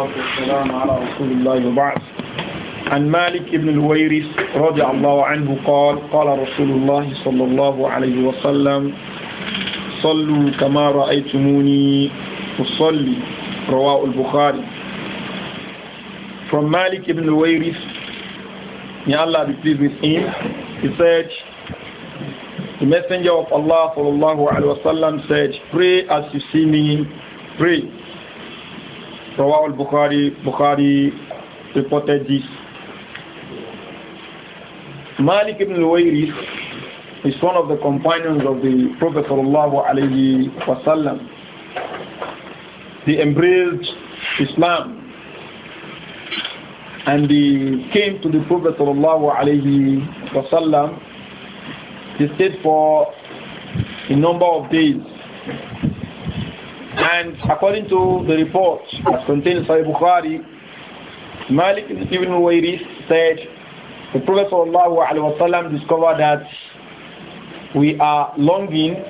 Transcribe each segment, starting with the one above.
والسلام على رسول الله وبعد عن مالك بن الويرس رضي الله عنه قال قال رسول الله صلى الله عليه وسلم صلوا كما رأيتموني أصلي رواه البخاري From Malik ibn Wairis, may Allah be pleased with him, he said, The Messenger of Allah sallallahu alayhi wa sallam said, Pray as you see me, pray. Rawah al-Bukhari, Bukhari reported this. Malik is one of the companions of the Prophet sallallahu alayhi wasallam. They embraced Islam and they came to the Prophet sallallahu alayhi wasallam. They stayed for a number of days and according to the report as contained in Sahih Bukhari, Malik ibn Wairis said, the Prophet ﷺ discovered that we are longing,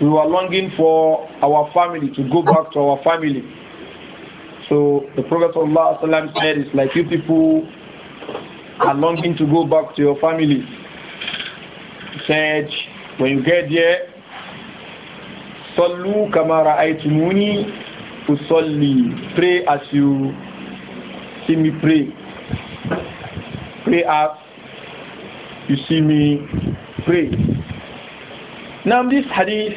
we were longing for our family, to go back to our family. So the Prophet ﷺ said, it's like you people are longing to go back to your family. He said, when you get there, Sallu kamara aitumuni usalli. Pray as you see me pray. Pray as you see me pray. Now this hadith,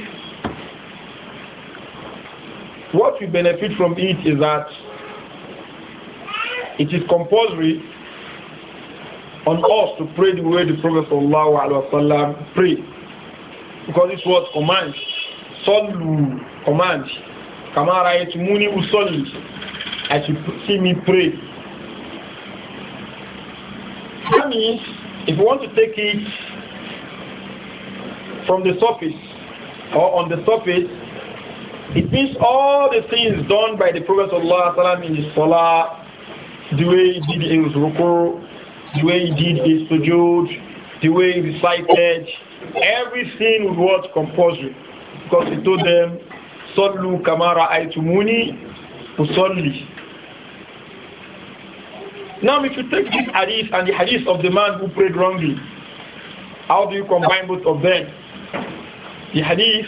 what we benefit from it is that it is compulsory on us to pray the way the Prophet wasallam pray Because it's what commands Sallu command. Kamara et muni usolli. As you see me pray. That means if you want to take it from the surface or on the surface, it means all the things done by the Prophet ﷺ in his salah, the way he did his ruku, the way he did his sujood, the way he recited, everything what compulsory. Because he told them, Sallu kamara aitumuni usalli. Now if you take this hadith and the hadith of the man who prayed wrongly, how do you combine both of them? The hadith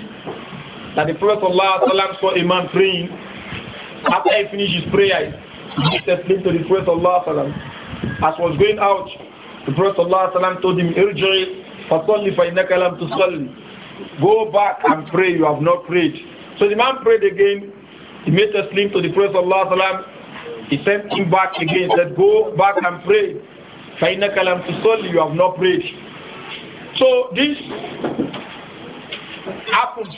that the Prophet ﷺ saw a man praying. After he finished his prayer, he explained to the Prophet ﷺ. As was going out, the Prophet ﷺ told him, Irjai, فَصَلِّ فَإِنَّكَ لَمْ tusalli." Go back and pray. You have not prayed. So the man prayed again. He made a slim to the Prophet Allah. He sent him back again. He said, Go back and pray. فَإِنَّكَ لَمْ تُصَلِّ You have not prayed. So this happened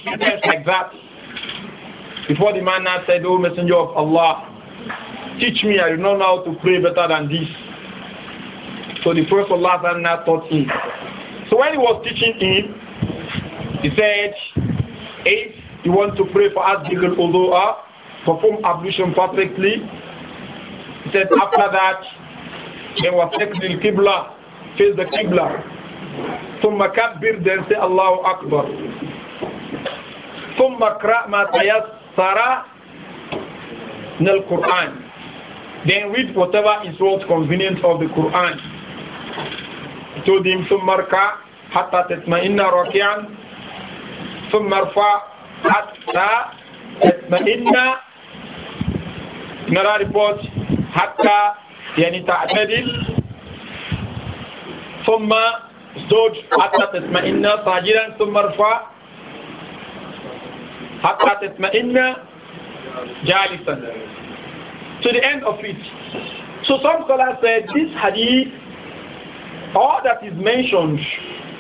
like that. Before the man now said, Oh Messenger of Allah, teach me, I do not know how to pray better than this. So the Prophet Allah now taught him. So when he was teaching him, he said, if you want to pray for us, Adjikul Udu'a, perform ablution perfectly. He said, after that, then take the Qibla, face the Qibla. ثم كبر then say الله أكبر ثم اقرأ ما تيسر من القرآن then read whatever is most convenient of the Quran. He told him, ثم اركع حتى تطمئن راكعا ثم ارفع حتى تطمئن نرى ريبورت حتى يعني تعتدل ثم زوج حتى تطمئن ساجدا ثم ارفع حتى تطمئن جالسا to the end of it. So some scholars said this hadith, all that is mentioned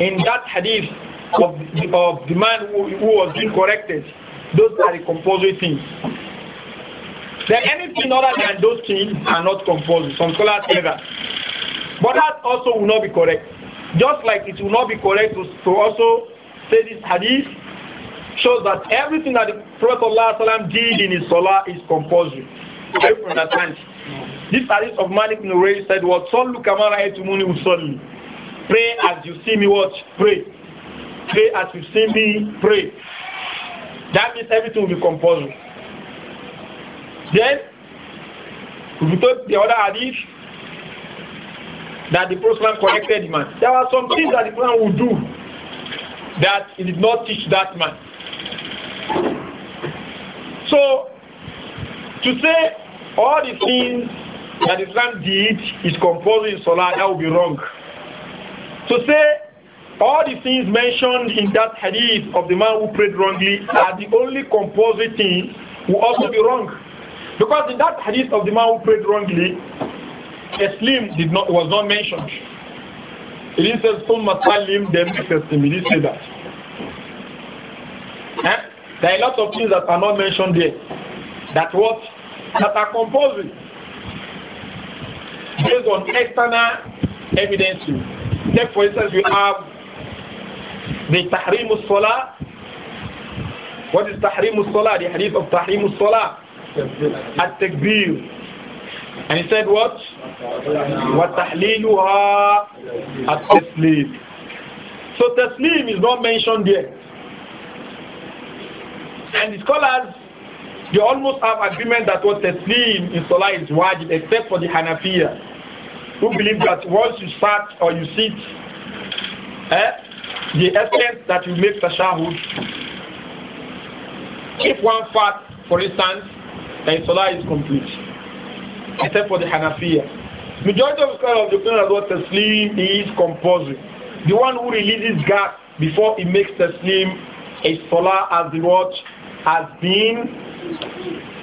in that hadith of the, of the man who, who was being corrected. Those are the compulsory things. Then anything other than those things are not compulsory. Some scholars say that. But that also will not be correct. Just like it will not be correct to, to also say this hadith shows that everything that the Prophet ﷺ did in his salah is compulsory. I you understand. This hadith of Malik bin Ray said, What Sallu Kamara Etumuni Usalli. Pray as you see me watch, pray pray as you see me pray. That means everything will be composed. Then, we took the other hadith that the Prophet corrected the man. There are some things that the Prophet would do that he did not teach that man. So, to say all the things that Islam did is composing in Salah, that would be wrong. To say all the things mentioned in that hadith of the man who prayed wrongly are the only composite things will also be wrong. Because in that hadith of the man who prayed wrongly, slim did not, was not mentioned. It didn't say, Summa then It didn't say that. Eh? There are a lot of things that are not mentioned there. That what? That are composite based on external evidence. Take for instance, we have the tahrim salah what is tahrim salah the hadith of tahrim salah at takbir and he said what what tahliluha at taslim so taslim is not mentioned yet and the scholars they almost have agreement that what taslim in salah is wajib except for the hanafiya who believe that once you start or you sit eh, the essence that you make tashahud. If one fat, for instance, then salah is complete, except for the Hanafiya. Majority of scholars of the opinion that slim is compulsory. The one who releases gas before he makes the slim, his salah as the watch has been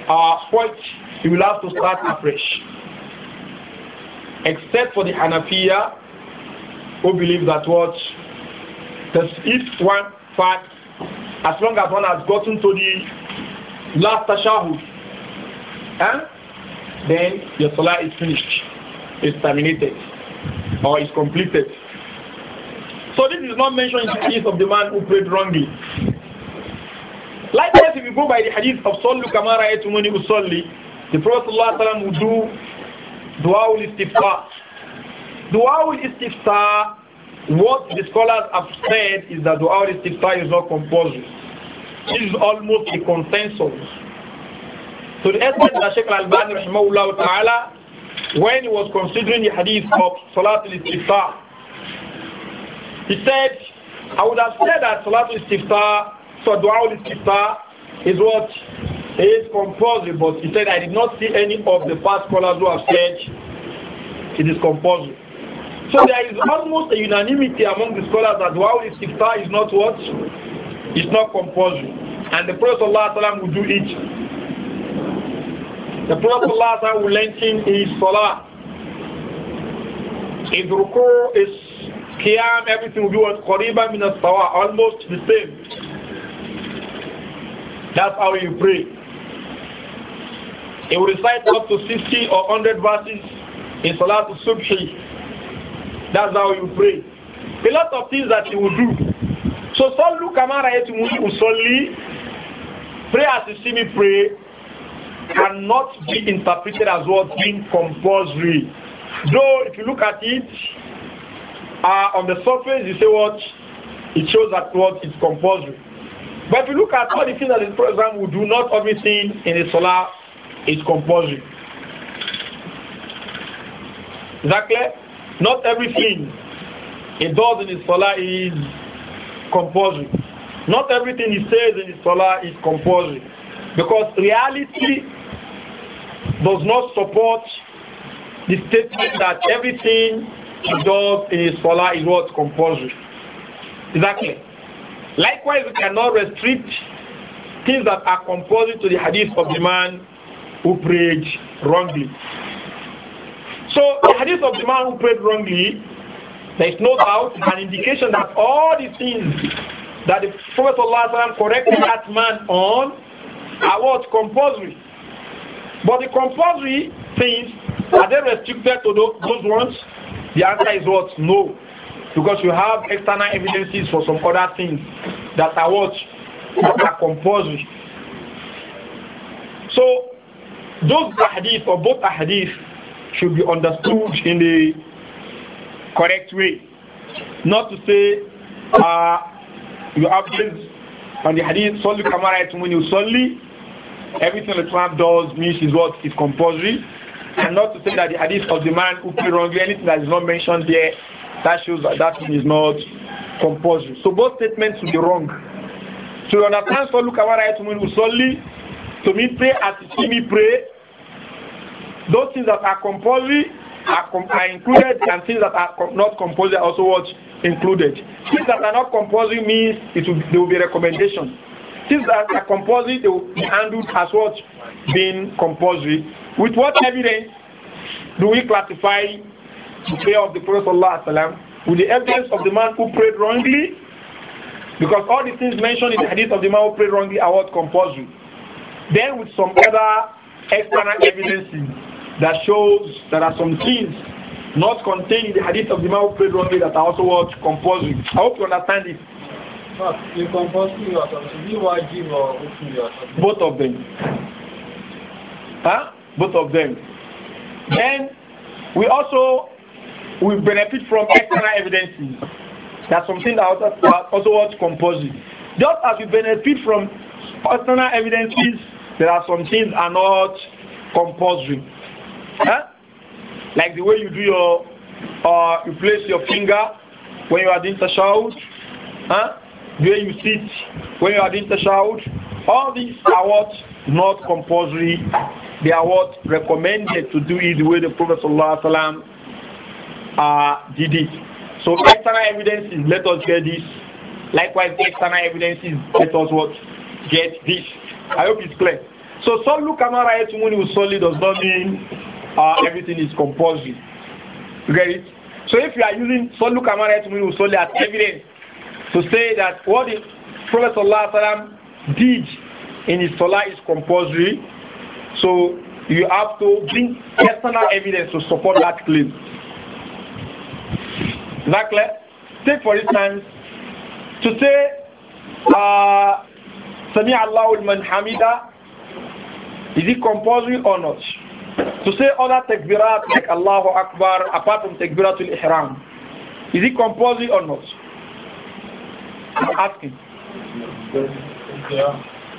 uh, spoilt. He will have to start afresh. Except for the Hanafiya, who believe that what because if one part, as long as one has gotten to the last tashahud, eh, then your salah is finished, is terminated, or is completed. So this is not mentioned in the case of the man who prayed wrongly. Likewise, if you go by the hadith of Sallu Kamara Etumuni Usalli, the Prophet ﷺ would do du'aul ul Istifta. Dua Istifta what the scholars have said is that dua istiftah is not compulsory. This is almost a consensus. So the eminent that Sheikh Al-Albani rahimahullah ta'ala, when he was considering the hadith of Salatul Istiftah, he said, I would have said that Salatul Istiftah, so dua istiftah is what is compulsory, but he said I did not see any of the past scholars who have said it is compulsory. So there is almost a unanimity among the scholars that while the istighfar is not what? It's not compulsory. And the Prophet ﷺ will do it. The Prophet ﷺ will lengthen his salah. His ruku, his qiyam, everything will be what? Qariba min sawa almost the same. That's how you pray. He will recite up to 60 or 100 verses in Salatul Subhi that's how you pray. A lot of things that you will do. So Sallu Kamara Etimuni Usolli, pray as you see me pray, cannot be interpreted as what being compulsory. Though if you look at it, uh, on the surface you say what it shows that what is compulsory. But if you look at all the things that the program will do, not everything in the solar is compulsory. Is that clear? Not everything he does in his salah is compulsory. Not everything he says in his salah is compulsory. Because reality does not support the statement that everything he does in his salah is what compulsory. Exactly. Likewise, we cannot restrict things that are compulsory to the hadith of the man who prayed wrongly. So the hadith of the man who prayed wrongly, there is no doubt an indication that all the things that the Prophet Allah corrected that man on are what compulsory. But the compulsory things are they restricted to those ones? The answer is what? No. Because you have external evidences for some other things that are what? That are compulsory. So those hadith or both hadith should be understood in the correct way. Not to say uh, you have on the hadith, Solli Kamara Etmuni everything the Islam does means is what is compulsory. And not to say that the hadith of the man who prayed wrongly, anything that is not mentioned there, that shows that that thing is not compulsory. So both statements should be wrong. So you understand Solli Kamara Etmuni Solli, to me pray as you see me pray, those things that are compulsory are, com are, included and things that are com not compulsory are also what included. Things that are not compulsory means it will, there will be recommendation. Things that are compulsory they will be handled as what being compulsory. With what evidence do we classify the prayer of the Prophet Allah With the evidence of the man who prayed wrongly? Because all the things mentioned in the hadith of the man who prayed wrongly are what compulsory. Then with some other external evidences that shows there are some things not contained in the hadith of the man who prayed wrongly that are also what compulsory. I hope you understand it. Both of them. Huh? Both of them. Then we also we benefit from external evidences. That's something that also, that also what compulsory. Just as we benefit from external evidences, there are some things are not compulsory. Huh? Like the way you do your, uh, you place your finger when you are doing tashahud. Huh? The way you sit when you are doing tashahud. All these are what not compulsory. They are what recommended to do it the way the Prophet ﷺ, uh, did it. So external evidence is let us get this. Likewise, external evidence is let us what get this. I hope it's clear. So Salu Kamara Etumuni Usoli does not mean uh, everything is compulsory. You get it? So if you are using Solu Kamara Etminu solely as evidence to say that what the Prophet ﷺ did in his Salah is compulsory, so you have to bring external evidence to support that claim. Is that clear? Take for instance, to say, uh, Sami Allahu man Hamida, is it compulsory or not? To say other takbirat like Allahu Akbar apart from takbiratul ihram, is it compulsory or not? I'm asking.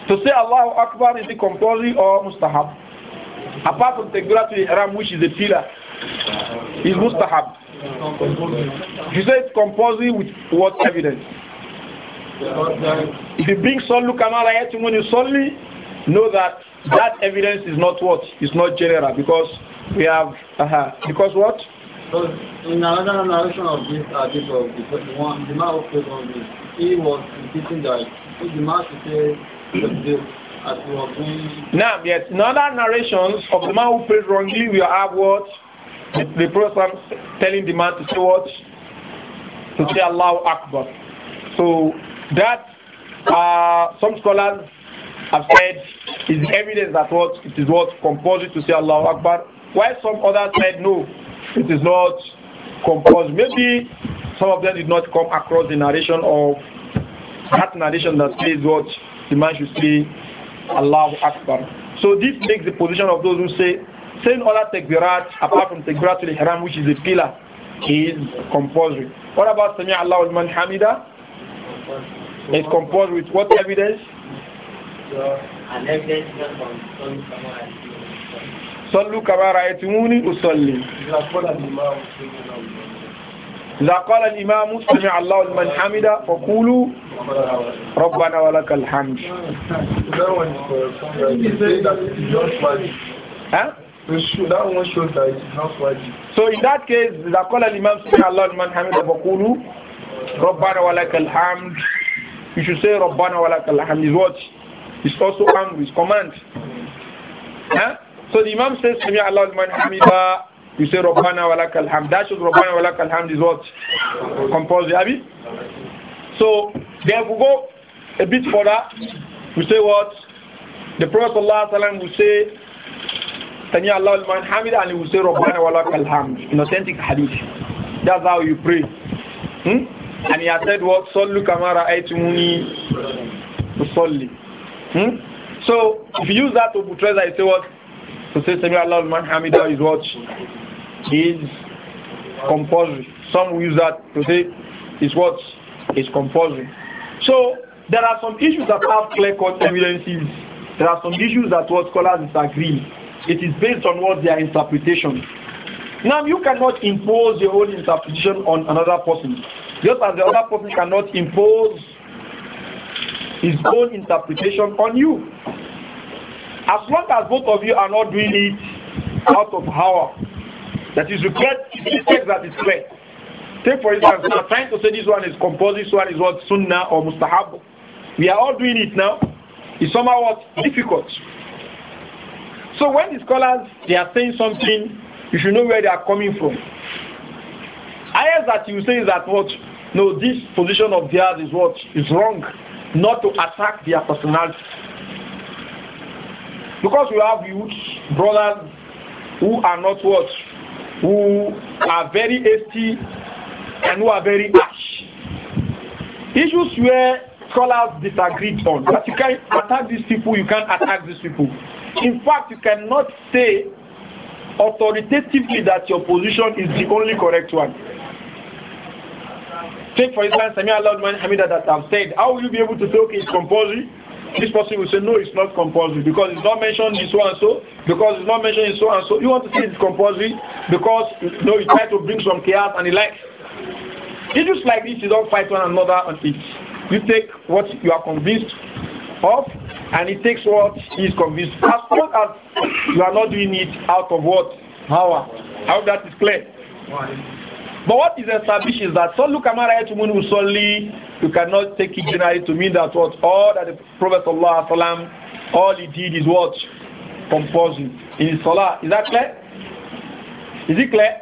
To say Allahu Akbar is it compulsory or mustahab? Apart from takbiratul ihram which is a pillar, is mustahab. You say it's compulsory with what evidence? If you bring Sallu Kamala Yatimuni Salli, know that that evidence is not what is not general because we have uh -huh, because what so in another narration of this article, uh, uh, the one the man who played on this, he was repeating that he the to should say this as he was doing. Now, yes, in other narrations of the man who prayed wrongly, we have what the, the Prophet telling the man to say what to say Allah Akbar. So that uh, some scholars have said is evidence that what it is what compulsory to say Allah Akbar. While some others said no, it is not compulsory. Maybe some of them did not come across the narration of that narration that says what the man should say Allah Akbar. So this makes the position of those who say saying other takbirat apart from the ihram which is a pillar is compulsory. What about Sami Allahu Hamida? It's compulsory with what evidence? Yeah and evidence from Solu Kamara Solu Kamara That So in that case, إذا قال الإمام سمع الله You should say ربنا ولك الحمد is what? is also armed with command. Huh? So the Imam says, Sami Allah Hamida, you say Rabbana wa lakal hamd. That should Rabbana wa lakal hamd is what? the Abi? So then we go a bit further. We say what? The Prophet Allah will say, Sami Allah Hamid, and he will say Rabbana wa lakal hamd. In authentic hadith. That's how you pray. Hmm? And he has said what? Sallu kamara aitumuni usalli. Hmm? So if you use that to portray that, you say what? To say Sami Allah man Hamida is what? Is compulsory. Some use that to say is what? Is compulsory. So there are some issues that have clear-cut evidences. There are some issues that what scholars disagree. It is based on what their interpretation. Now you cannot impose your own interpretation on another person. Just as the other person cannot impose his own interpretation on you. As long as both of you are not doing it out of power, that is regret, It's takes that is clear. Take for instance, we are trying to say this one is composite, this one is what sunnah or mustahab. We are all doing it now. It's somehow difficult. So when the scholars they are saying something, you should know where they are coming from. I hear that you say that what no, this position of theirs is what is wrong not to attack their personality. Because we have youth brothers who are not what? Who are very hasty and who are very harsh. Issues where scholars disagreed on. But you can not attack these people, you can't attack these people. In fact, you cannot say authoritatively that your position is the only correct one. Take for instance, Sami Allah I Hamida that I've said. How will you be able to say, okay, it's compulsory? This person will say, no, it's not compulsory because it's not mentioned in so and so, because it's not mentioned in so and so. You want to say it's compulsory because you know you try to bring some chaos and the like. Issues like this, you don't fight one another on it. You take what you are convinced of and it takes what is convinced. As long as you are not doing it out of what? Power. How that is clear. But what is established is that Sallu Kamarayatumun Usolli, you cannot take it generally to mean that what all that the Prophet Sallallahu all he did is what? Composing in his Salah. Is that clear? Is it clear?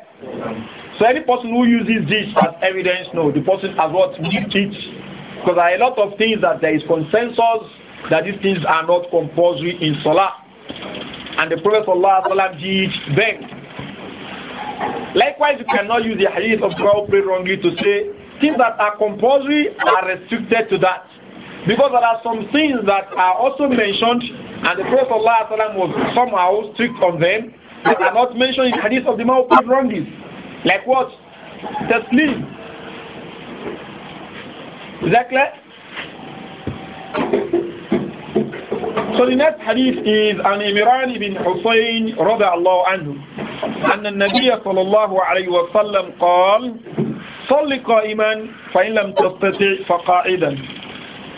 So any person who uses this as evidence, no, the person has what we teach. Because there are a lot of things that there is consensus that these things are not compulsory in Salah. And the Prophet Allah did them. Likewise, you cannot use the hadith of Quran pray wrongly to say things that are compulsory are restricted to that. Because there are some things that are also mentioned and the Prophet Allah was somehow strict on them that are not mentioned in the hadith of the man wrongly. Like what? The sleep. Is that clear? So the next hadith is عن Imran ibn Husayn رضى الله عنه أن النبي صلى الله عليه وسلم قال صل قائما فإن لم تستطع فقائدا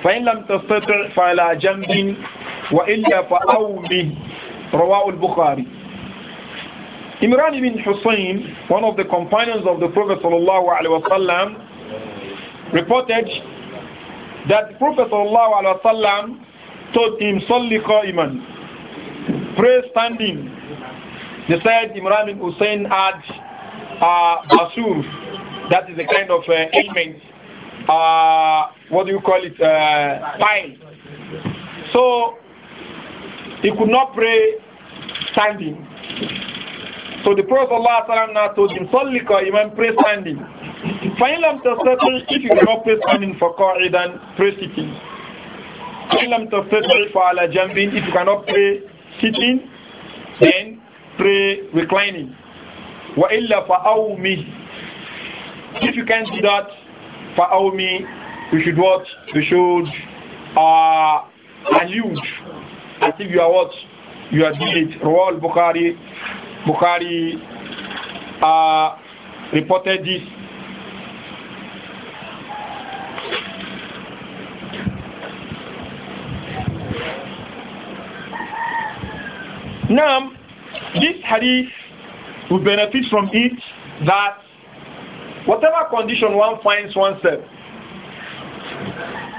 فإن لم تستطع فلا جنب وإلا فأوله رواه البخاري Imran ibn Husayn one of the companions of the Prophet صلى الله عليه وسلم, reported that the Prophet told him, Salli qa'iman, pray standing. They said Imran bin Hussein had uh, basur, that is a kind of uh, ailment. Uh, what do you call it? Uh, So he could not pray standing. So the Prophet Allah now told him, Salli qa'iman, pray standing. Final if you cannot pray standing for qa'idan, pray sitting. Ilam tastati fa'ala jambin. If you cannot pray sitting, then pray reclining. Wa illa fa'awmi. If you can't do that, fa'awmi, you should what? Uh, you should uh, allude as if you are what? You are doing it. Rawal Bukhari, Bukhari uh, reported this. Now, this hadith will benefit from it that whatever condition one finds oneself,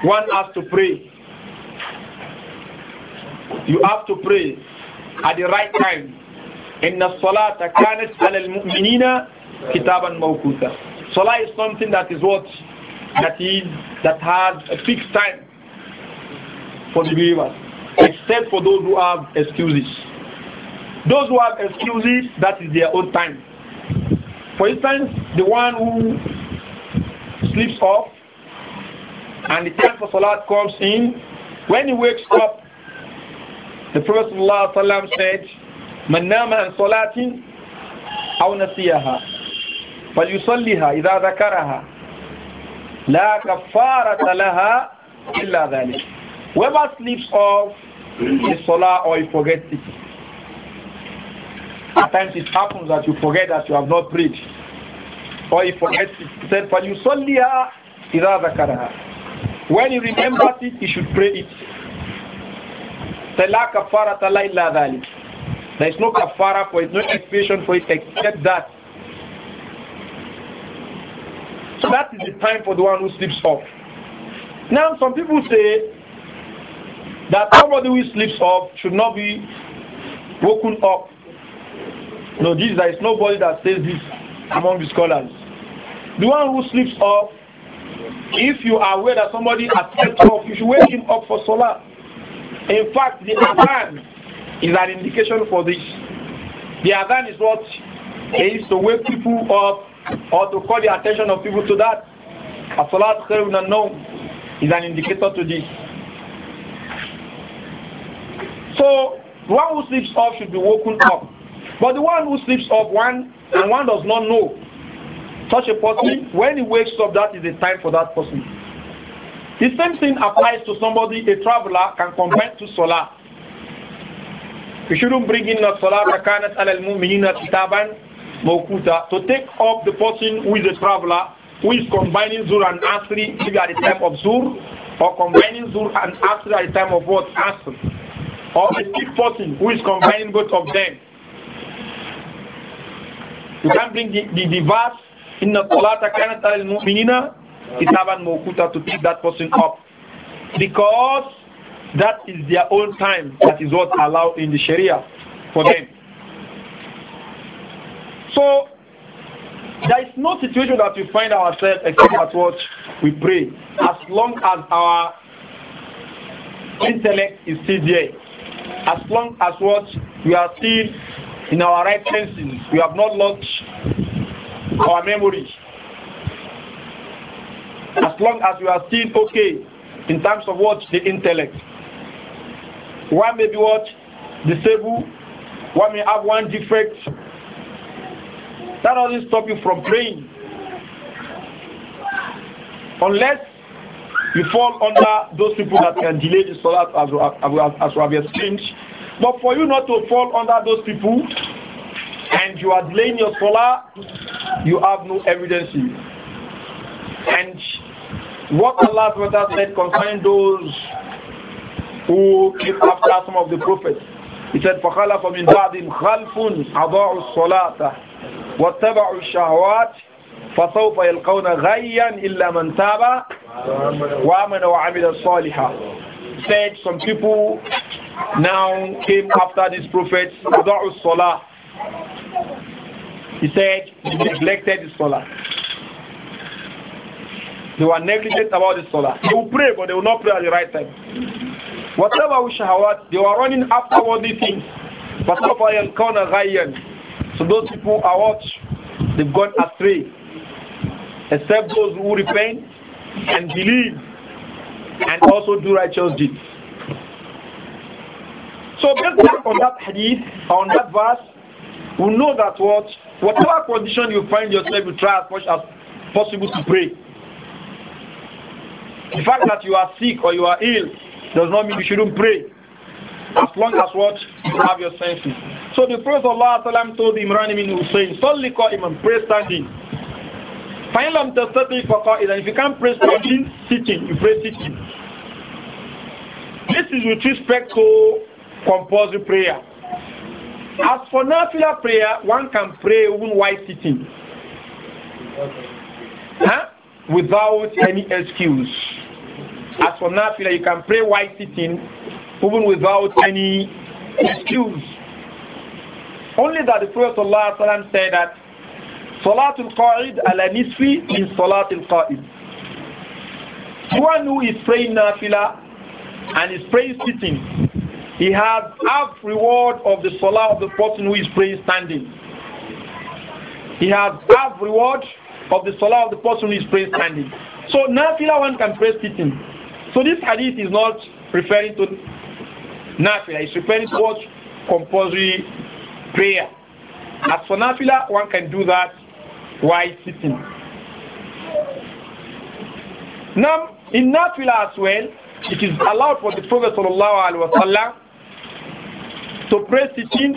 one has to pray. You have to pray at the right time. إن الصلاة al على المؤمنين كتابا موقوتا. Salah is something that is what that is that has a fixed time for the believers, except for those who have excuses. Those who have excuses, that is their own time. For instance, the one who sleeps off and the time for Salat comes in, when he wakes up, the Prophet ﷺ said, من نام عن صلاة أو نسيها yusalliha idha ذكرها la كفارة لها illa ذلك. Whoever sleeps off his salah or he forgets it, at times it happens that you forget that you have not prayed. Or you forget it. He said, فَلْيُصَلِّهَا إِذَا ذَكَرَهَا When you remember it, you should pray it. There is no kafara for it, no expiation for it except that. So that is the time for the one who sleeps off. Now some people say that somebody who sleeps off should not be woken up no, this there is nobody that says this among the scholars. The one who sleeps off, if you are aware that somebody has slept off, you should wake him up for salah. In fact, the adhan is an indication for this. The adhan is what is to wake people up or to call the attention of people to that. As-salat khairun is an indicator to this. So, the one who sleeps off should be woken up. But the one who sleeps up one and one does not know such a person, when he wakes up, that is the time for that person. The same thing applies to somebody, a traveler can compare to Salah. You shouldn't bring in a Salah Rakanat al Mu'minina taban Mokuta to take up the person who is a traveler, who is combining Zur and Asri at the time of Zur, or combining Zur and Asri at the time of what? Asri. Or a sick person who is combining both of them. You can't bring the, the, the verse in the Salata Kanat al Mu'minina Kitaban Mokuta to pick that person up. Because that is their own time. That is what allowed in the Sharia for them. So there is no situation that we find ourselves except at what we pray. As long as our intellect is still there, as long as what we are still in our right senses. We have not lost our memory. As long as we are still okay in terms of what the intellect. One may be what disabled, one may have one defect. That doesn't stop you from praying. Unless you fall under those people that can delay the salah as we have, as we have explained but for you not to fall under those people and you are delaying your salah, you have no evidence. And what Allah said concerning those who came after some of the prophets, He said, فَخَلَفَ مِنْ بَعْدِهِمْ خَلْفٌ أَضَاعُوا الصَّلَاةَ وَاتَّبَعُوا الشَّهَوَاتِ فسوف يلقون غيا إلا من تاب وآمن وعمل صالحا said some people now came after this prophet, Salah. He said he neglected the Salah. They were negligent about the Salah. They will pray, but they will not pray at the right time. Whatever we shall have, they were running after these things. But So those people are what? They've gone astray. Except those who repent and believe and also do righteous deeds. So based on that hadith, on that verse, we know that what whatever condition you find yourself, you try as much as possible to pray. The fact that you are sick or you are ill does not mean you shouldn't pray. As long as what you have your senses. So the Prophet Allah told Imran ibn Hussein, him Imam, pray standing. Finally, if you can't pray standing, sitting, you pray sitting. This is with respect to compulsory prayer. As for nafila prayer, one can pray even while sitting. Huh? Without any excuse. As for nafila, you can pray while sitting, even without any excuse. Only that the Prophet ﷺ said that Salatul Qa'id ala nisfi in Salatul Qa'id. One who is praying nafila and is praying sitting, he has half reward of the salah of the person who is praying standing. He has half reward of the salah of the person who is praying standing. So nafila one can pray sitting. So this hadith is not referring to nafila, it's referring to what? Compulsory prayer. As for nafila, one can do that while sitting. Now, in nafila as well, it is allowed for the Prophet sallallahu alaihi wasallam to pray sitting,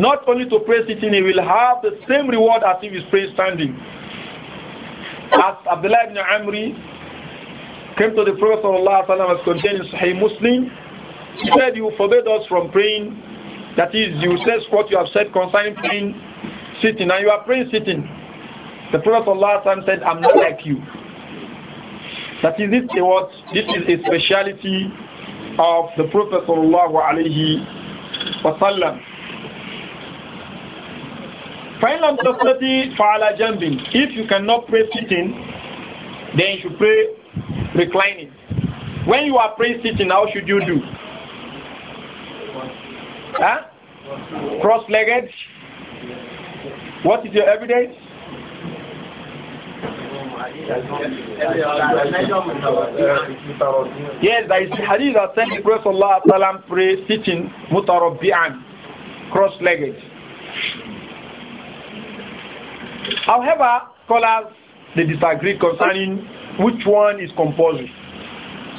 not only to pray sitting, he will have the same reward as if he's praying standing. As Abdullah ibn Amri came to the Prophet ﷺ as contained in Sahih Muslim, he said, You forbid us from praying. That is, you said what you have said concerning praying sitting, and you are praying sitting. The Prophet ﷺ said, I'm not like you. That is this what this is a speciality of the Prophet sallallahu alaihi wasallam. Final tasati If you cannot pray sitting, then you should pray reclining. When you are praying sitting, how should you do? Huh? Cross-legged. What is your evidence? Yes, there is a hadith that sent the Prophet Sallallahu pray sitting mutarabbi'an, cross-legged. However, scholars they disagree concerning which one is compulsory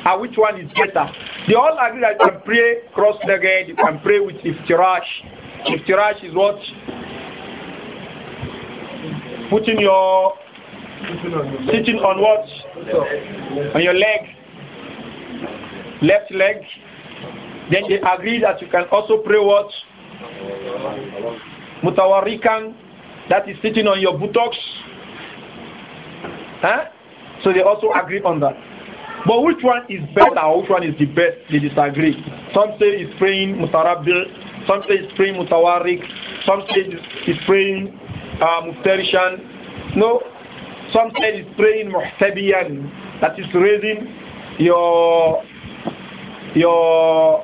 and which one is better. They all agree that you can pray cross-legged, you can pray with iftirash. Iftirash is what? Putting your Sitting on what? On your leg. Left leg. Then they agree that you can also pray what? Mutawarikan. That is sitting on your buttocks. Huh? So they also agree on that. But which one is better? Which one is the best? They disagree. Some say it's praying mutarabil, some say it's praying mutawarik, some say it's praying uh, No, some say it's praying muhsabiyan, that is raising your your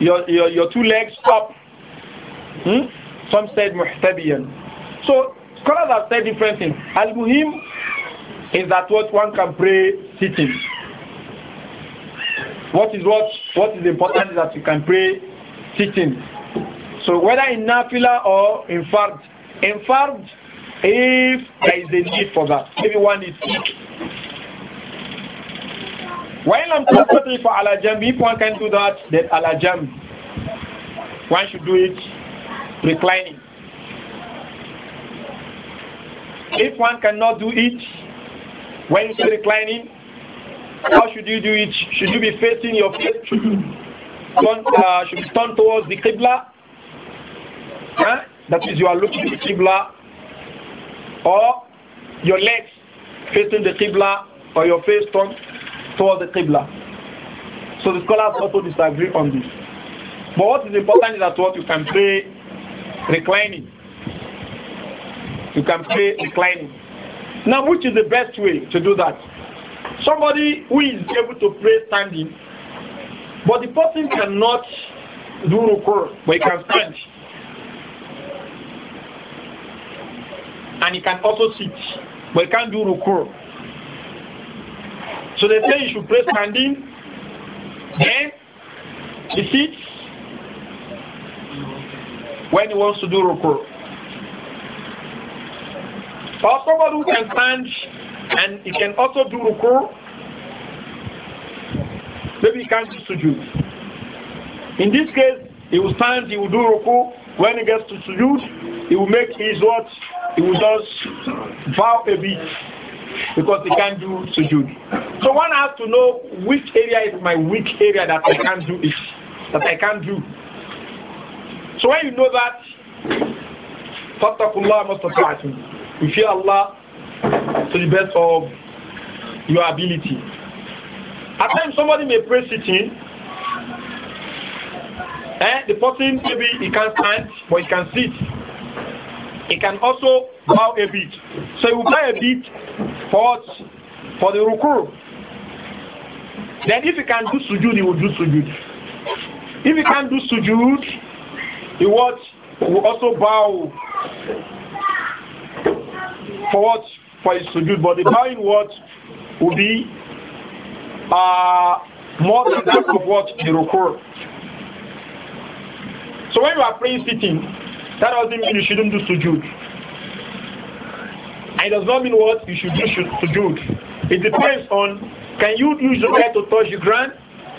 your your, your two legs up. Hmm? Some said muhsabiyan. So scholars have said different things. Al muhim is that what one can pray sitting. What is what what is important is that you can pray sitting. So whether in nafila or in fard, in fard if there is a need for that. everyone is sick. While I'm concentrating for alajam, if one can do that, then alajam. One should do it reclining. If one cannot do it, when you say reclining, how should you do it? Should you be facing your face? Should, uh, should be turned towards the Qibla? Huh? That is, you are looking to Qibla or your legs facing the Qibla or your face turned towards the Qibla. So the scholars also disagree on this. But what is important is that what you can pray reclining. You can pray reclining. Now, which is the best way to do that? Somebody who is able to pray standing, but the person cannot do rukur, but he can stand. and he can also sit, but he can't do rukur. So they say you should pray standing, then he sits when he wants to do rukur. For somebody who can stand and he can also do rukur, maybe he can't do sujood. In this case, he will stand, he will do ruku. When he gets to sujood, he will make his what? He will just bow a bit because he can't do sujood. So one has to know which area is my weak area that I can't do it, that I can't do. So when you know that, Fattakullah mustata'atun. You fear Allah to the best of your ability. At times somebody may pray sitting, Eh, the person maybe he can't stand, but he can sit. He can also bow a bit. So he will bow a bit for For the ruku. Then if he can do sujud, he will do sujud. If he can't do sujud, he what? will also bow for what? For his sujud. But the bowing what will be uh, more than that of what the ruku. So when you are praying sitting, that doesn't mean you shouldn't do sujood. And it does not mean what? You should do sujood. It depends on can you use your right to touch the ground?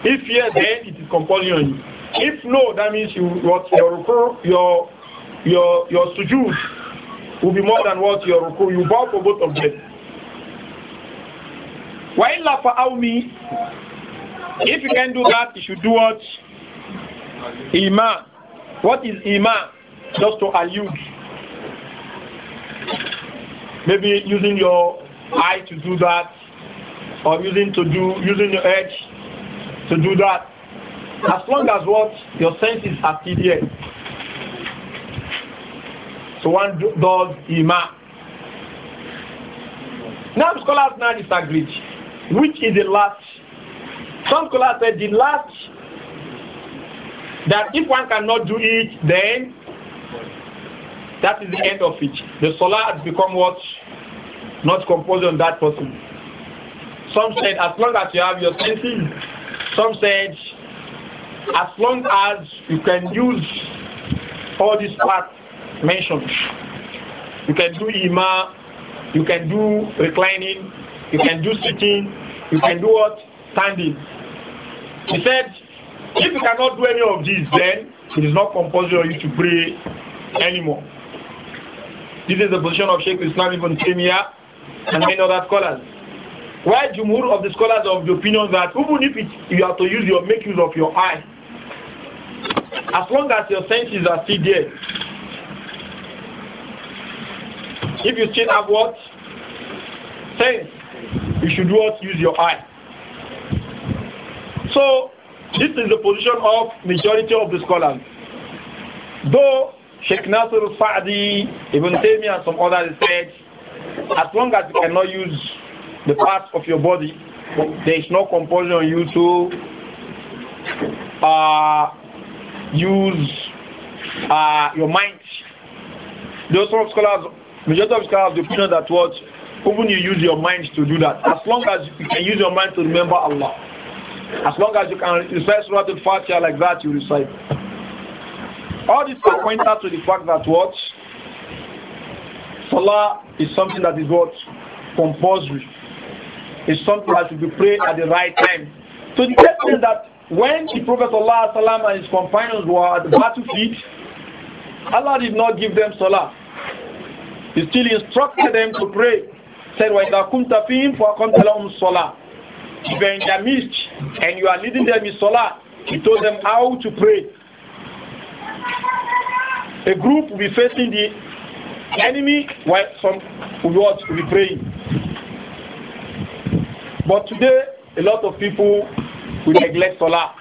If yes, then it is compulsory on you. If no, that means you what your your your your sujood will be more than what your ruku. You bow for both of them. Why la If you can do that, you should do what? Iman. What is Iman? just to allude. Maybe using your eye to do that, or using to do using your edge to do that. As long as what your senses are clear. So one does ima. Now scholars now disagree. Which is the last? Some scholars said the last that if one cannot do it, then that is the end of it. The salah has become what? Not composed on that person. Some said, as long as you have your senses. Some said, as long as you can use all these parts mentioned. You can do imam, you can do reclining, you can do sitting, you can do what? Standing. He said, if you cannot do any of these, then it is not compulsory on you to pray anymore. This is the position of Sheikh Islam Ibn Taymiyyah and many other scholars. Why Jumhur of the scholars of the opinion that even if it, you have to use your make use of your eye, as long as your senses are still there, if you still have what sense, you should what use your eye. So this is the position of majority of the scholars. Though Sheikh Nasir Sa'di, Ibn Taymiyyah and some others said, as long as you cannot use the parts of your body, there is no compulsion on you to uh, use uh, your mind. Those scholars, majority of scholars, the opinion that what even you use your mind to do that, as long as you can use your mind to remember Allah. As long as you can recite Surah Al-Fatiha like that, you recite. All this point pointed to the fact that what? Salah is something that is what? Compulsory. It's something that should be prayed at the right time. So the question that when the Prophet Allah and his companions were at the battlefield, Allah did not give them salah. He still instructed them to pray. Said, وَإِذَا كُنْتَ فِيهِمْ فَأَقَمْتَ لَهُمْ صَلَاةً you're in their midst and you are leading them in Salah, You told them how to pray. A group will be facing the enemy while some will be praying. But today, a lot of people will neglect Salah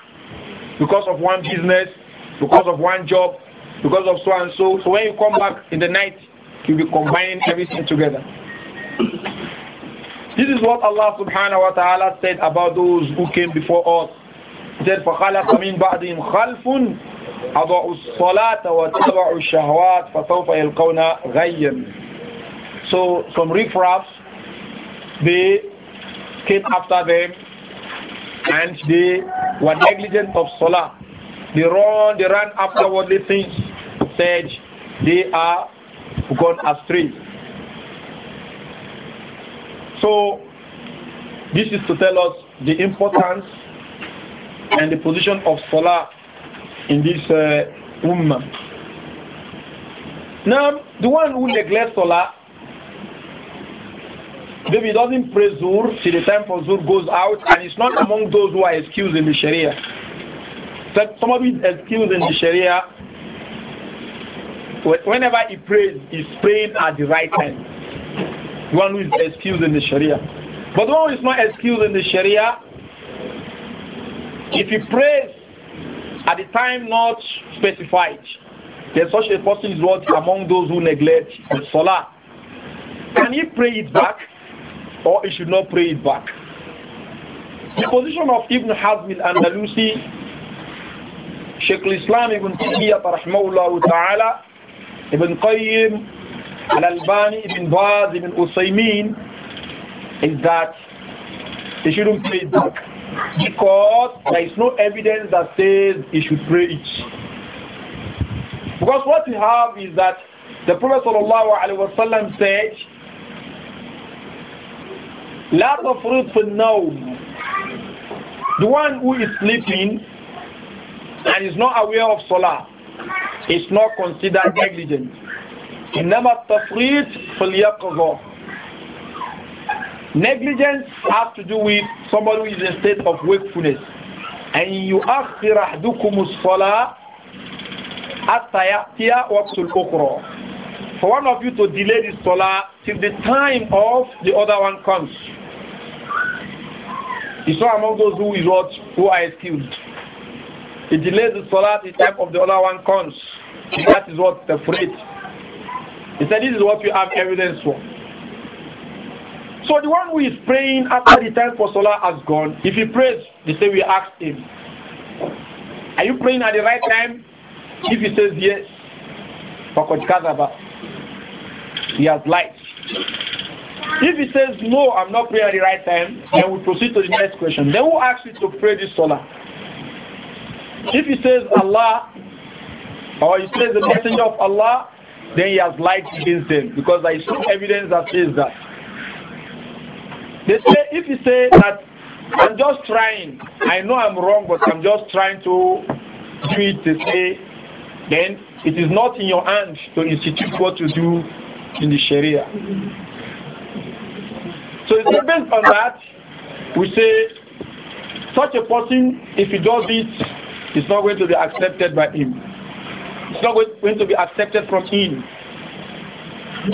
because of one business, because of one job, because of so and so. So when you come back in the night, you'll be combining everything together. This is what Allah subhanahu wa ta'ala said about those who came before us. He said, فَخَلَقَ مِنْ بَعْدِهِمْ خَلْفٌ أَضَعُوا الصَّلَاةَ وَتَبَعُوا الشَّهَوَاتِ فَسَوْفَ يَلْقَوْنَ غَيًّا So some riffraffs, they came after them and they were negligent of salah. They ran, they ran after worldly things, said they are gone astray. So this is to tell us the importance and the position of Salah in this uh, Ummah. Now, the one who neglects Salah, maybe doesn't pray Zur till the time for Zuhr goes out, and it's not among those who are excused in the Sharia. Some somebody is excused in the Sharia, whenever he prays, he's praying at the right time. The one who is excused in the Sharia. But the one who is not excused in the Sharia, if he prays at the time not specified, then such a person is what among those who neglect the Salah. Can he pray it back or he should not pray it back? The position of Ibn Hazm al-Andalusi, Sheikh al-Islam Ibn Taymiyyah Ibn Qayyim Al-Albani, Ibn Baz, Ibn Usaymin, is that they shouldn't pray it because there is no evidence that says he should pray it. Because what we have is that the Prophet ﷺ said, of fruit for now. The one who is sleeping and is not aware of salah is not considered negligent. إنما التفريط في اليقظة Negligence has to do with somebody who is in a state of wakefulness. And you يؤخر أحدكم الصلاة حتى يأتي وقت الأخرى. For one of you to delay the salah till the time of the other one comes. You saw among those who is what who are skilled. It delays the salah till the time of the other one comes. That is what the phrase he said, This is what you have evidence for. So the one who is praying after the time for Salah has gone, if he prays, they say we ask him, Are you praying at the right time? If he says yes, he has light. If he says no, I'm not praying at the right time, then we proceed to the next question. Then who asks you to pray this Salah? If he says Allah, or he says the messenger of Allah, then he has lied against them because there is show evidence that says that. They say, if you say that I'm just trying, I know I'm wrong, but I'm just trying to do it to say, then it is not in your hands to institute what you do in the Sharia. So it based on that, we say such a person, if he does it, it's not going to be accepted by him. It's not going to be accepted from him.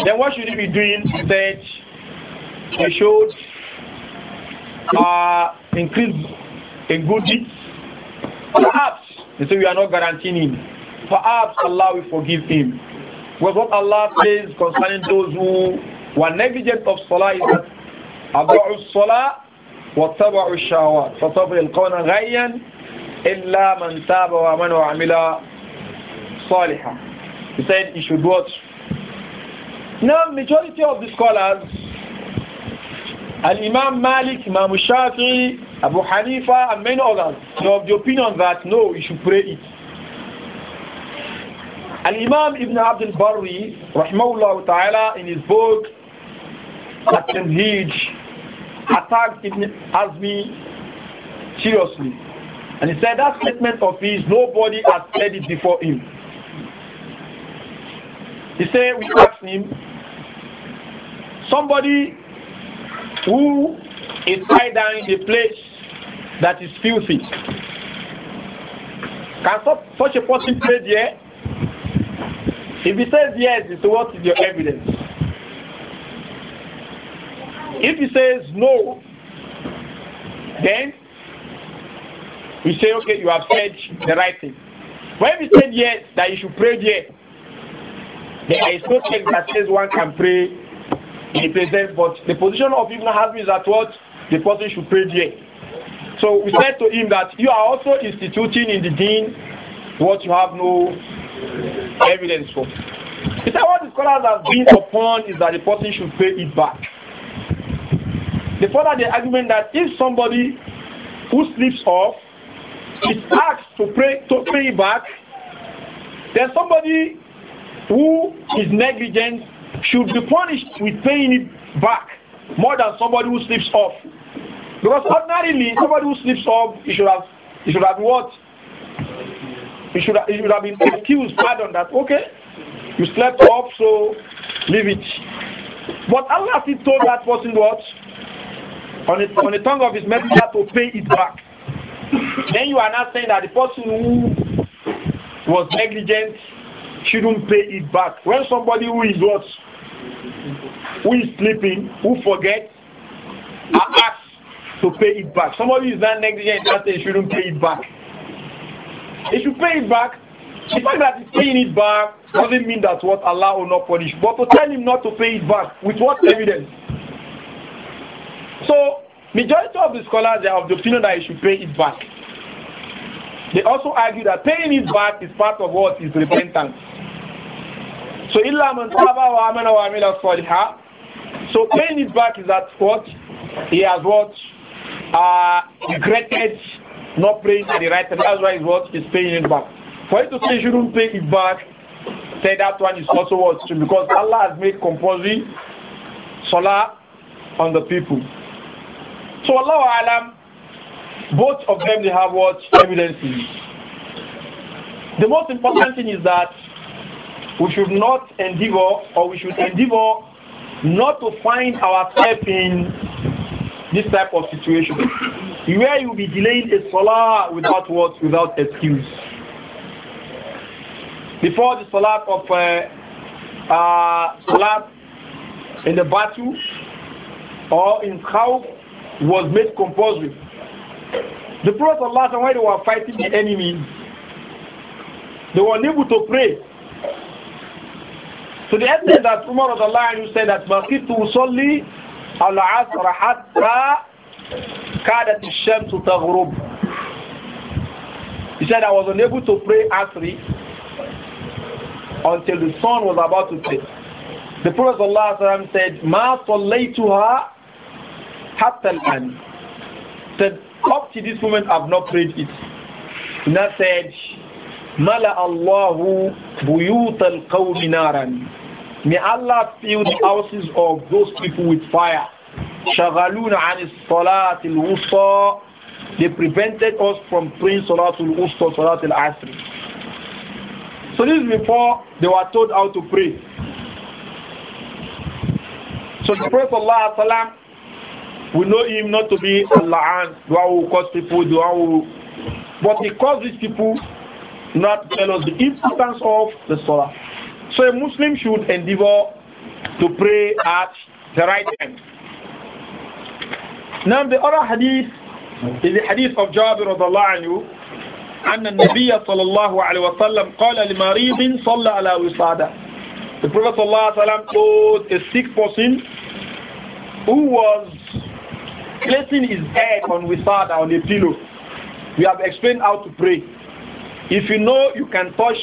Then what should he be doing? He said he should uh, increase in good deeds. Perhaps, he said we are not guaranteeing him. Perhaps Allah will forgive him. Well, what Allah says concerning those who were negligent of salah is that أَضَعُوا الصَّلَاةِ وَاتَّبَعُوا الشَّهَوَاتِ فَصَبْرِ الْقَوْنَ غَيًّا إِلَّا مَنْ تَابَ وَمَنْ وَعَمِلَ salihah. He said you should watch. Now, majority of the scholars, Al-Imam Malik, Imam Shafi, Abu Hanifa, and many others, they are of the opinion that no, you should pray it. Al-Imam Ibn Abdul Barri, rahmahullah ta'ala, in his book, At-Tamhij, attacked Ibn Azmi seriously. And he said that statement of his, nobody has said it before him. He said, we asked him, somebody who is tied down in a place that is filthy, can such a person pray there? If he says yes, it's what is your evidence? If he says no, then we say, okay, you have said the right thing. When he said yes, that you should pray there, there is no text that says one can pray in present, but the position of Ibn Hazm is that what the person should pray there. So we said to him that you are also instituting in the deen what you have no evidence for. He said what the scholars have been upon is that the person should pay it back. The further the argument that if somebody who sleeps off is asked to pray to pay back, then somebody who is negligent should be punished with paying it back more than somebody who sleeps off. Because ordinarily, somebody who sleeps off, he should have, he should have what? He should, have, he should have been excused, pardon that, okay, you slept off, so leave it. But Allah still told that person what? On the, on the tongue of his messenger to pay it back. Then you are not saying that the person who was negligent shouldn't pay it back. When somebody who is what? Who is sleeping, who forgets, are asked to pay it back. Somebody is that negligent that they shouldn't pay it back. They should pay it back. The fact that he's paying it back doesn't mean that what Allah will not punish. But to tell him not to pay it back, with what evidence? So, majority of the scholars are of the opinion that he should pay it back. They also argue that paying his back is part of what is repentance. So So paying his back is that what he has what uh, regretted not praying at the right time. That's why he's what is paying it back. For you to say you shouldn't pay it back, say that one is also what true because Allah has made compulsory salah on the people. So Allah alam both of them, they have what? Evidences. The most important thing is that we should not endeavor, or we should endeavor not to find ourselves in this type of situation where you will be delaying a salah without what? Without excuse. Before the salat of uh, uh, salat in the battle or in khawf was made compulsory, the Prophet Allah, when they were fighting the enemies, they were unable to pray. So the extent that Umar of Allah who said that Baqitu usalli al-asr hatta kadat Shem shamsu taghrub. He said I was unable to pray Asri until the sun was about to set. The Prophet Allah said, "Ma sallaytuha hatta al-an." Up to this moment, I've not prayed it. Now said, Mala Allahu buyut al naran. May Allah fill the houses of those people with fire. Shagaluna an salatil al wusta. They prevented us from praying salatul wusta, salatul asr. So this is before they were told how to pray. So the Prophet Allah we know him not to be a Allah, the one who cause people, the one who... But he causes people not tell us the importance of the Salah. So a Muslim should endeavor to pray at the right time. Now the other hadith is the hadith of Jabir radiallahu anhu أن النبي صلى الله عليه وسلم قال لمريض صلى على وصادة The Prophet صلى الله عليه وسلم told a sick person who was placing his head on father on a pillow. We have explained how to pray. If you know you can touch,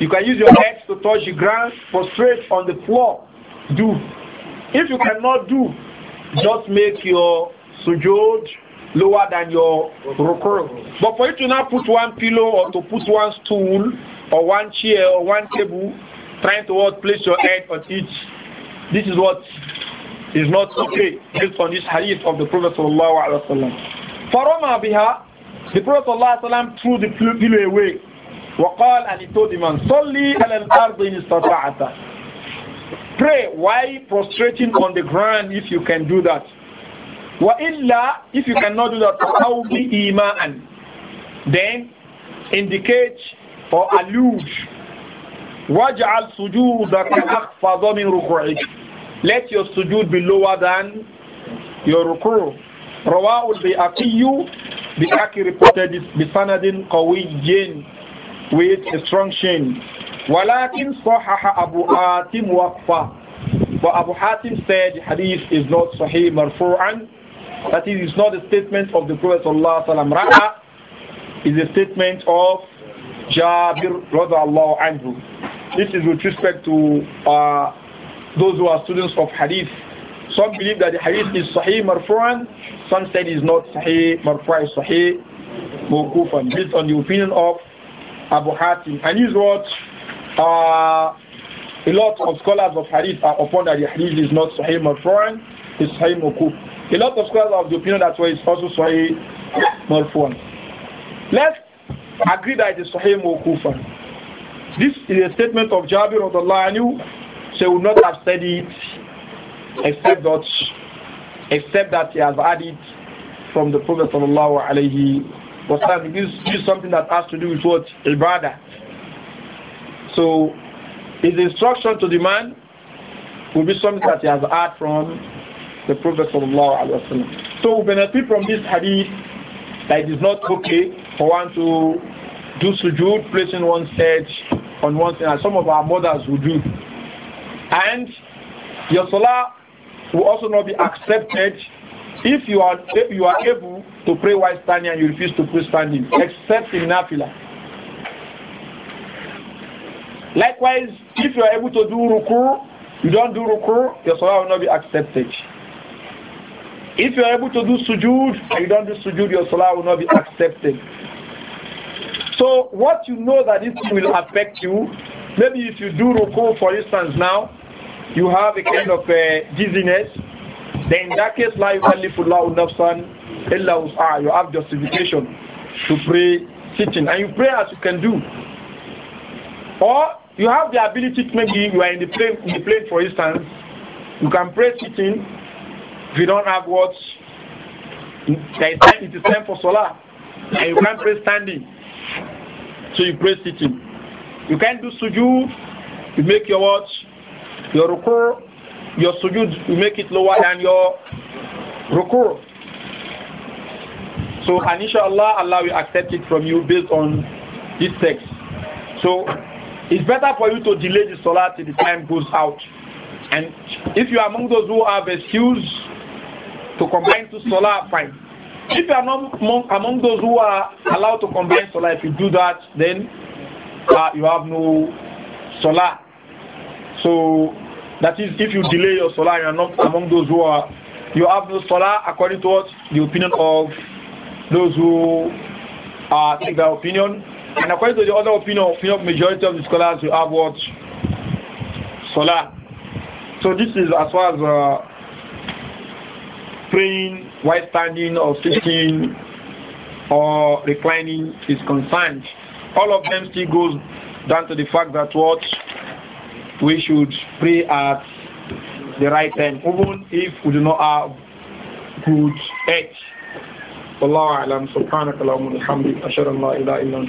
you can use your head to touch the ground, prostrate on the floor, do. If you cannot do, just make your sujood lower than your rukur. But for you to not put one pillow or to put one stool or one chair or one table, trying to place your head on each, this is what is not okay based on this hadith of the Prophet sallallahu alaihi wasallam. فَرَمَى بِهَا The Prophet sallallahu alaihi wasallam threw the pillow away. وقال and he told the man, صَلِّي عَلَى الْأَرْضِ إِنْ Pray why prostrating on the ground if you can do that. وَإِلَّا If you cannot do that, how be بِإِيمَاءً Then indicate or allude وَاجْعَلْ سُجُودَكَ أَخْفَضَ مِنْ رُكُعِكَ let your sujood be lower than your ruku. Rawahul Bi'aqiyu, Bi'aqi reported this, Bisanadin Qawiyyin, with a strong chain. Walakin sahaha Abu Hatim waqfa. But Abu Hatim said hadith is not sahih marfu'an. That is, it's not a statement of the Prophet sallallahu alaihi wasallam. It's a statement of Jabir radhiallahu anhu. This is with respect to uh, those who are students of hadith. Some believe that the hadith is sahih marfu'an, some said it's not sahih marfu' it's sahih mawkufan, based on the opinion of Abu Hatim. And his what uh, a lot of scholars of hadith are upon that the hadith is not sahih marfu'an, it's sahih mawkuf. A lot of scholars are of the opinion that it's also sahih marfu'an. Let's agree that it is sahih mawkufan. This is a statement of Jabir of the anhu she would not have said it except that except that she has had it from the Prophet sallallahu alaihi wasallam. This is something that has to do with what brother. So his instruction to the man will be something that he has heard from the Prophet sallallahu alaihi wasallam. So we benefit from this hadith that it is not okay for one to do sujood, placing one's head on one thing, as some of our mothers would do. And your salah will also not be accepted if you are if you are able to pray while standing and you refuse to pray standing, except in nafila. Likewise, if you are able to do ruku, you don't do ruku, your salah will not be accepted. If you are able to do sujud and you don't do sujud, your salah will not be accepted. So what you know that this will affect you, maybe if you do ruku, for instance, now, you have a kind of uh, dizziness, then in that case, la you nafsan illa wus'aha. You have justification to pray sitting. And you pray as you can do. Or you have the ability to maybe you are in the plane, in the plane for instance, you can pray sitting if you don't have what time, it is time for Salah, and you can't pray standing so you pray sitting you can't do sujood you make your watch your ruku, your sujud, you make it lower than your ruku. So, and inshallah, Allah will accept it from you based on this text. So, it's better for you to delay the salah till the time goes out. And if you are among those who have excuse to combine two solar, fine. If you are not among, among those who are allowed to combine solar, if you do that, then uh, you have no solar. So that is if you delay your salah, you are not among those who are you have no salah according to what the opinion of those who uh, take their opinion. And according to the other opinion, opinion of majority of the scholars, you have what salah. So this is as far as uh, praying while standing or sitting or reclining is concerned. All of them still goes down to the fact that what we should pray at the right time, even if we do not have good edge. والله أعلم سبحانك اللهم وبحمدك أشهد أن لا إله إلا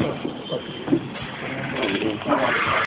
أنت